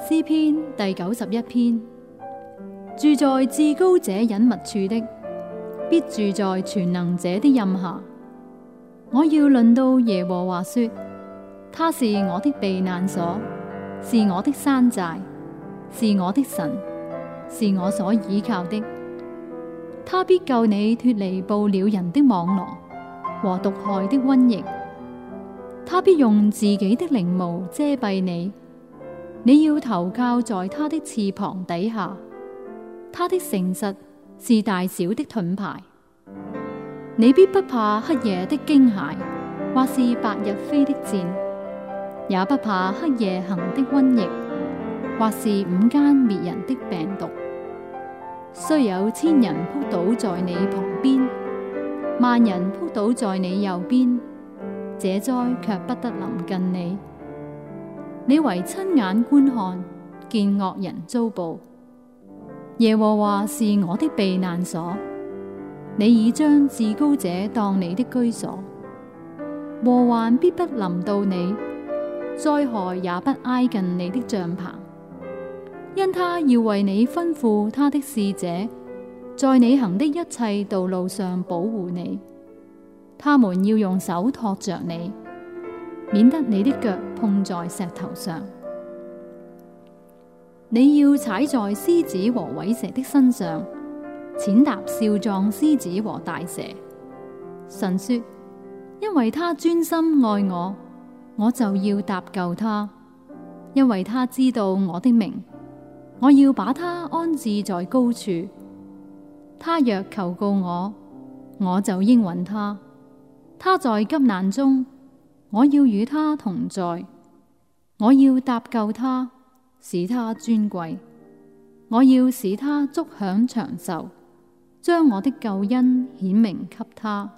詩篇第九十一篇，住在至高者隱密處的，必住在全能者的蔭下。我要論到耶和華說，他是我的避難所，是我的山寨，是我的神，是我所倚靠的。他必救你脫離捕鳥人的網羅和毒害的瘟疫。他必用自己的翎毛遮蔽你。你要投靠在他的翅膀底下，他的誠實是大小的盾牌。你必不怕黑夜的驚駭，或是白日飛的箭，也不怕黑夜行的瘟疫，或是午間滅人的病毒。雖有千人撲倒在你旁邊，萬人撲倒在你右邊，這災卻不得臨近你。你為親眼觀看，見惡人遭報。耶和華是我的避難所，你已將至高者當你的居所。禍患必不臨到你，災害也不挨近你的帳棚。因他要為你吩咐他的使者，在你行的一切道路上保護你，他們要用手托着你。免得你的腳碰在石頭上，你要踩在獅子和虺蛇的身上，踐踏少壯獅，獅子和大蛇。神說：因為他專心愛我，我就要搭救他；因為他知道我的名，我要把他安置在高處。他若求告我，我就應允他。他在急難中。我要與他同在，我要搭救他，使他尊貴，我要使他足享長壽，將我的救恩顯明給他。